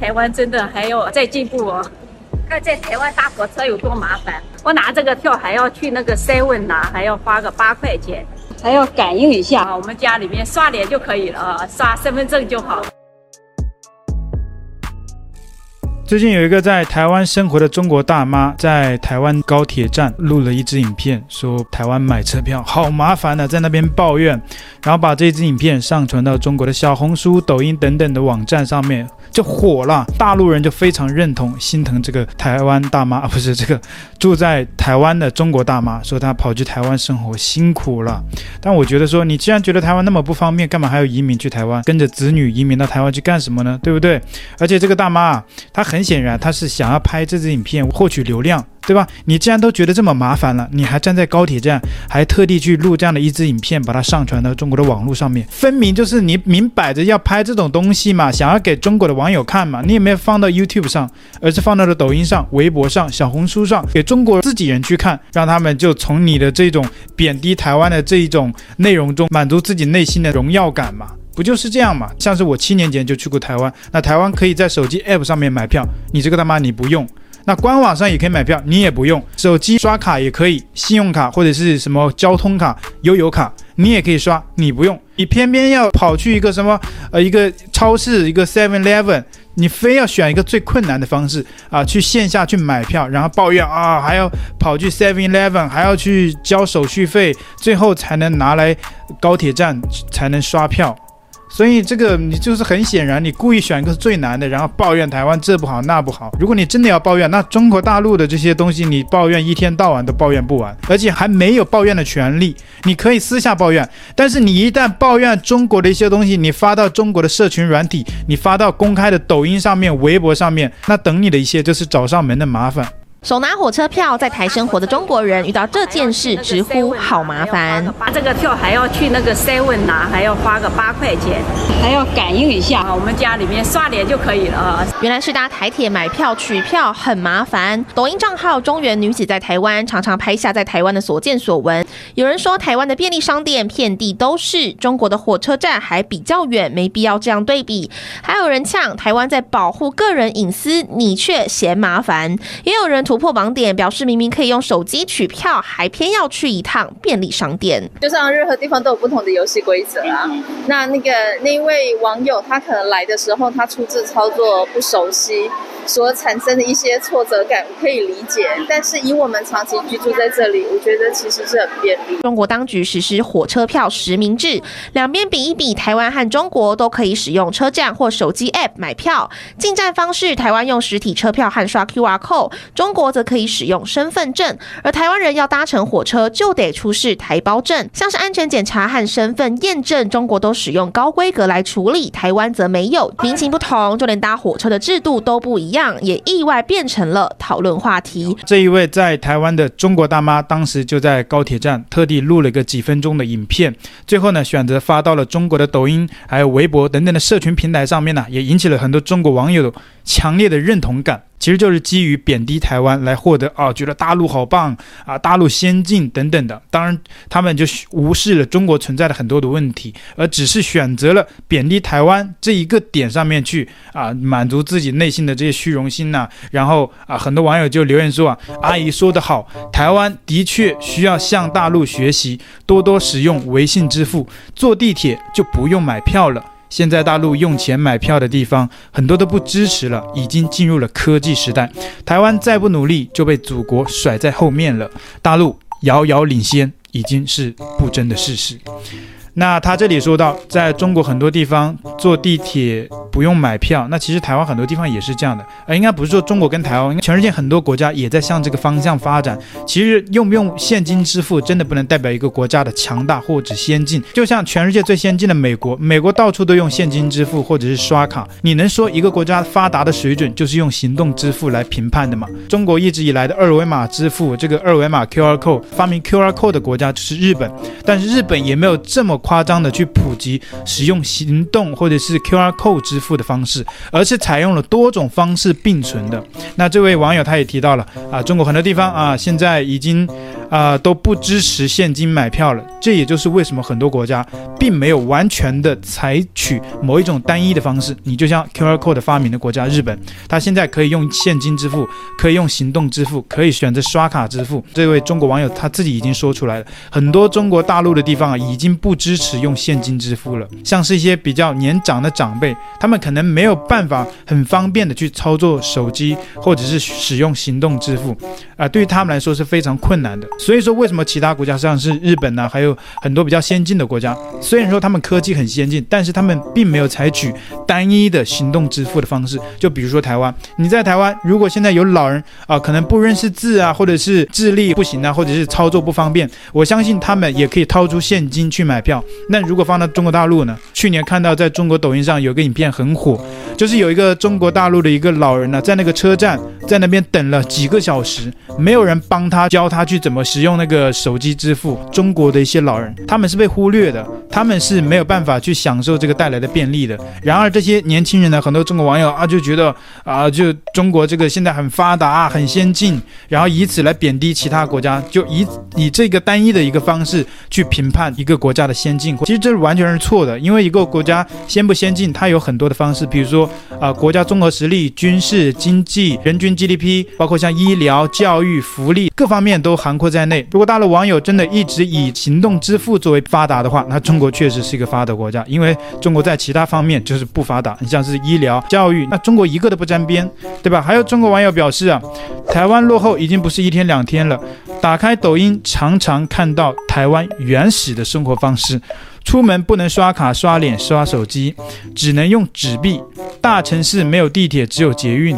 台灣真的還要再進步哦、啊！看在台灣搭火車有多麻煩，我拿這個票還要去那個 seven 拿，還要花個八塊錢，還要感應一下啊。我們家裡面刷臉就可以了啊，刷身份證就好。最近有一個在台灣生活的中國大媽，在台灣高鐵站錄了一支影片，說台灣買車票好麻煩的啊，在那邊抱怨，然後把這支影片上傳到中國的小紅書、抖音等等的網站上面，就火了。大陸人就非常認同，心疼這個台灣大媽啊，不是這個住在台灣的中國大媽，說她跑去台灣生活辛苦了。但我覺得說，你既然覺得台灣那麼不方便，幹嘛還要移民去台灣，跟着子女移民到台灣去幹什麼呢？對不對？而且這個大媽她很。很顯然，他是想要拍這支影片獲取流量，對吧？你既然都覺得這麼麻煩了，你還站在高鐵站，還特地去錄這樣的一支影片，把它上傳到中國的網絡上面，分明就是你明擺着要拍這種東西嘛，想要給中國的網友看嘛。你也沒有放到 YouTube 上，而是放到了抖音上、微博上、小紅書上，給中國自己人去看，讓他們就從你的這種貶低台灣的這一種內容中，滿足自己內心的榮耀感嘛。不就是這樣嘛？像是我七年前就去過台灣，那台灣可以在手機 APP 上面買票，你這個大媽，你不用。那官網上也可以買票，你也不用。手機刷卡也可以，信用卡或者是什麼交通卡、悠遊卡，你也可以刷，你不用。你偏偏要跑去一個什麼呃一個超市一個 Seven Eleven，你非要選一個最困難的方式啊，去線下去買票，然後抱怨啊還要跑去 Seven Eleven，還要去交手續費，最後才能拿來高鐵站才能刷票。所以這個你就是很顯然，你故意選一個最難的，然後抱怨台灣這不好那不好。如果你真的要抱怨，那中國大陸的這些東西你抱怨一天到晚都抱怨不完，而且還沒有抱怨的權利。你可以私下抱怨，但是你一旦抱怨中國的一些東西，你發到中國的社群軟體，你發到公開的抖音上面、微博上面，那等你的一些就是找上門的麻煩。手拿火車票，在台生活的中國人遇到這件事直呼好麻煩，發這個票還要去那個 seven 拿，還要花個八塊錢，還要感應一下，我們家裡面刷臉就可以了啊。原來是搭台鐵買票取票很麻煩。抖音賬號中原女子在台灣常常拍下在台灣的所見所聞。有人說台灣的便利商店遍地都是，中國的火車站還比較遠，沒必要這樣對比。還有人嗆台灣在保護個人隱私，你卻嫌麻煩。也有人。突破網點，表示明明可以用手機取票，還偏要去一趟便利商店。就像任何地方都有不同的遊戲規則啊。那那個那位網友他可能來的時候他出自操作不熟悉，所產生的一些挫折感，我可以理解。但是以我們長期居住在這裡，我覺得其實是很便利。中國當局實施火車票實名制，兩邊比一比，台灣和中國都可以使用車站或手機 App 買票。進站方式，台灣用實體車票和刷 QR Code，中國。中國則可以使用身份證，而台灣人要搭乘火車就得出示台胞證。像是安全檢查和身份驗證，中國都使用高規格來處理，台灣則沒有。民情不同，就連搭火車的制度都不一樣，也意外變成了討論話題。這一位在台灣的中國大媽當時就在高鐵站特地錄了個幾分鐘的影片，最後呢選擇發到了中國的抖音、還有微博等等的社群平台上面呢、啊，也引起了很多中國網友的強烈的認同感。其實就是基於貶低台灣來獲得啊，覺得大陸好棒啊，大陸先進等等的。當然，他們就無視了中國存在的很多的問題，而只是選擇了貶低台灣這一個點上面去啊，滿足自己內心的這些虛榮心吶啊。然後啊，很多網友就留言說啊，阿姨說得好，台灣的確需要向大陸學習，多多使用微信支付，坐地鐵就不用買票了。現在大陸用錢買票的地方很多都不支持了，已經進入了科技時代。台灣再不努力，就被祖國甩在後面了。大陸遙遙領先，已經是不爭的事實。那他這裡說到，在中國很多地方坐地鐵。不用買票，那其實台灣很多地方也是這樣的。而應該不是說中國跟台灣，全世界很多國家也在向這個方向發展。其實用不用現金支付，真的不能代表一個國家的強大或者先進。就像全世界最先進的美國，美國到處都用現金支付或者是刷卡，你能說一個國家發達的水準就是用行動支付來評判的嗎？中國一直以來的二維碼支付，這個二維碼 QR code 發明 QR code 的國家就是日本，但是日本也沒有這麼誇張的去普及使用行動或者是 QR code 支付。付的方式，而是採用了多種方式並存的。那這位網友他也提到了啊，中國很多地方啊，現在已經啊、呃、都不支持現金買票了。這也就是為什麼很多國家並沒有完全的採取某一種單一的方式。你就像 QR code 發明的國家日本，他現在可以用現金支付，可以用行動支付，可以選擇刷卡支付。這位中國網友他自己已經說出來了，很多中國大陸的地方啊，已經不支持用現金支付了。像是一些比較年長的長輩，他們。他們可能沒有辦法很方便的去操作手機或者是使用行動支付，啊、呃，對於他們來說是非常困難的。所以說，為什麼其他國家，像是日本呢？還有很多比較先進的國家，雖然說他們科技很先進，但是他們並沒有採取單一的行動支付的方式。就比如說台灣，你在台灣，如果現在有老人啊、呃，可能不認識字啊，或者是智力不行啊，或者是操作不方便，我相信他們也可以掏出現金去買票。那如果放到中國大陸呢？去年看到在中國抖音上有個影片，很多很火，就是有一個中國大陸的一個老人呢，在那個車站，在那邊等了幾個小時，沒有人幫他教他去怎麼使用那個手機支付。中國的一些老人，他們是被忽略的，他們是沒有辦法去享受這個帶來的便利的。然而，這些年輕人呢，很多中國網友啊就覺得啊、呃，就中國這個現在很發達、很先進，然後以此來貶低其他國家，就以以這個單一的一個方式去評判一個國家的先進，其實這是完全是錯的，因為一個國家先不先進，它有很多。的方式，比如說啊、呃，國家綜合實力、軍事、經濟、人均 GDP，包括像醫療、教育、福利各方面都涵括在內。如果大陸網友真的一直以行動支付作為發達的話，那中國確實是一個發達國家，因為中國在其他方面就是不發達，你像是醫療、教育，那中國一個都不沾邊，對吧？還有中國網友表示啊，台灣落後已經不是一天兩天了，打開抖音常常看到台灣原始的生活方式。出門不能刷卡、刷臉、刷手機，只能用紙幣，大城市沒有地鐵，只有捷運。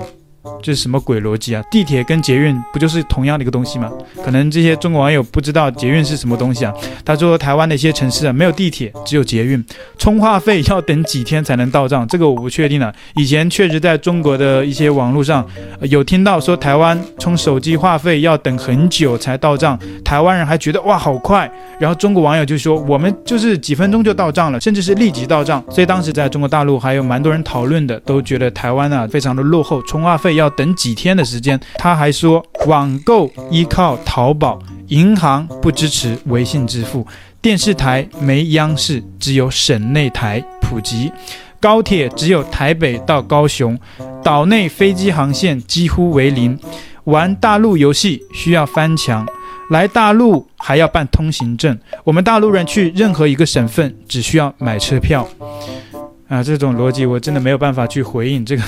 這是什麼鬼邏輯啊？地鐵跟捷運不就是同樣的一個東西嗎？可能這些中國網友不知道捷運是什麼東西啊。他說台灣的一些城市啊，沒有地鐵，只有捷運，充話費要等幾天才能到賬，這個我不確定了啊。以前確實在中國的一些網絡上，呃，有聽到說台灣充手機話費要等很久才到賬，台灣人還覺得哇好快，然後中國網友就說我們就是幾分鐘就到賬了，甚至是立即到賬。所以當時在中國大陸還有蠻多人討論的，都覺得台灣啊非常的落後，充話費。要等幾天的時間。他還說，網購依靠淘寶，銀行不支持微信支付，電視台沒央視，只有省內台普及，高鐵只有台北到高雄，島內飛機航線幾乎為零，玩大陸遊戲需要翻牆，來大陸還要辦通行證。我們大陸人去任何一個省份只需要買車票。啊，這種邏輯我真的沒有辦法去回應這個。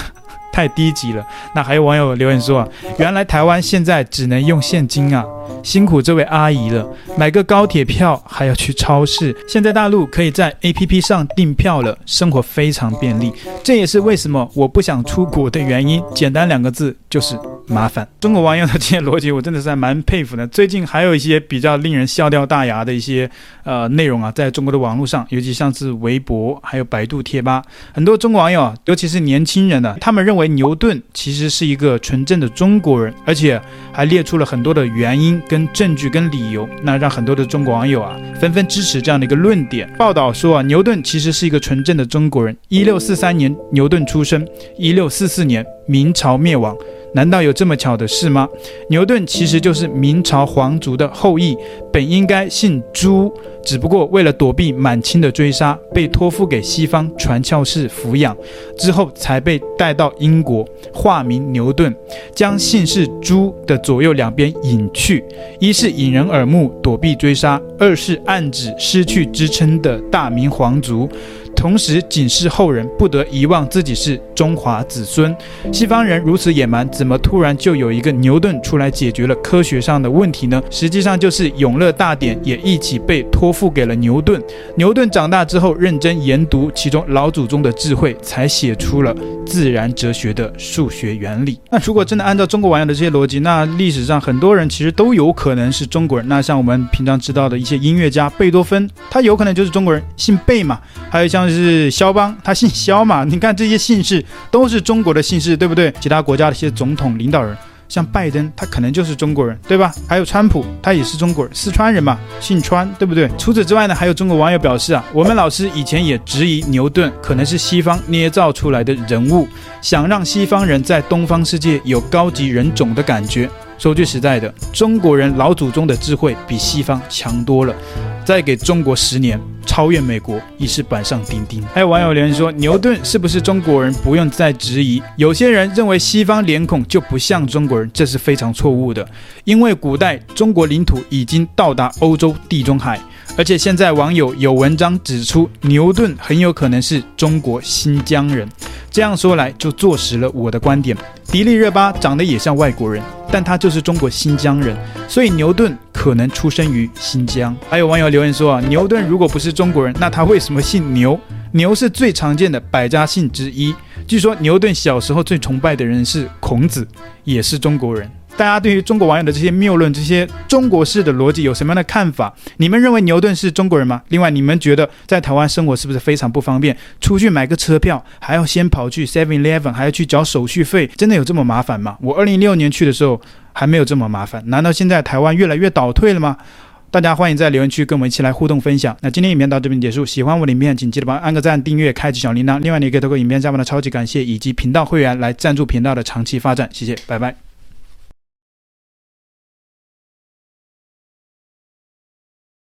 太低級了！那還有網友留言說，原來台灣現在只能用現金啊，辛苦這位阿姨了，買個高鐵票還要去超市。現在大陸可以在 APP 上訂票了，生活非常便利。這也是為什麼我不想出國的原因，簡單兩個字就是。麻煩，中國網友的這些邏輯，我真的是還蠻佩服的。最近還有一些比較令人笑掉大牙的一些呃內容啊，在中國的網絡上，尤其像是微博還有百度貼吧，很多中國網友啊，尤其是年輕人呢、啊，他們認為牛頓其實是一個純正的中國人，而且還列出了很多的原因、跟證據、跟理由，那讓很多的中國網友啊紛紛支持這樣的一個論點。報道說啊，牛頓其實是一個純正的中國人。一六四三年，牛頓出生；一六四四年，明朝滅亡。難道有這麼巧的事嗎？牛頓其實就是明朝皇族的後裔，本應該姓朱，只不過為了躲避滿清的追殺，被托付給西方傳教士撫養，之後才被帶到英國，化名牛頓，將姓氏朱的左右兩邊隱去，一是引人耳目，躲避追殺，二是暗指失去支撐的大明皇族。同時警示後人不得遺忘自己是中華子孫。西方人如此野蠻，怎麼突然就有一個牛頓出來解決了科學上的問題呢？實際上，就是《永樂大典》也一起被托付給了牛頓。牛頓長大之後，認真研讀其中老祖宗的智慧，才寫出了《自然哲學的數學原理》。那如果真的按照中國網友的這些邏輯，那歷史上很多人其實都有可能是中國人。那像我們平常知道的一些音樂家貝多芬，他有可能就是中國人，姓貝嘛。還有像。但是肖邦，他姓肖嘛？你看這些姓氏都是中國的姓氏，對不對？其他國家的一些總統領導人，像拜登，他可能就是中國人，對吧？還有川普，他也是中國人，四川人嘛，姓川，對不對？除此之外呢，還有中國網友表示啊，我們老師以前也質疑牛頓可能是西方捏造出來的人物，想讓西方人在東方世界有高級人種的感覺。說句實在的，中國人老祖宗的智慧比西方強多了，再給中國十年。超越美國已是板上釘釘。還有網友留言說：“牛頓是不是中國人，不用再質疑。”有些人認為西方臉孔就不像中國人，這是非常錯誤的。因為古代中國領土已經到達歐洲地中海，而且現在網友有文章指出，牛頓很有可能是中國新疆人。這樣說來，就坐實了我的觀點。迪麗熱巴長得也像外國人，但她就是中國新疆人。所以牛頓。可能出生於新疆。還有網友留言說啊，牛頓如果不是中國人，那他為什麼姓牛？牛是最常見的百家姓之一。據說牛頓小時候最崇拜的人是孔子，也是中國人。大家對於中國網友的這些謬論、這些中國式的邏輯有什麼樣的看法？你們認為牛頓是中國人嗎？另外，你們覺得在台灣生活是不是非常不方便？出去買個車票還要先跑去 Seven Eleven，還要去繳手續費，真的有這麼麻煩嗎？我二零一六年去的時候。還沒有這麼麻煩，難道現在台灣越來越倒退了嗎？大家歡迎在留言區跟我們一起來互動分享。那今天影片到這邊結束，喜歡我的影片，請記得幫按個讚、訂閱、開啟小鈴鐺。另外，你也可以透過影片下方的超級感謝以及頻道會員來贊助頻道的長期發展，謝謝，拜拜。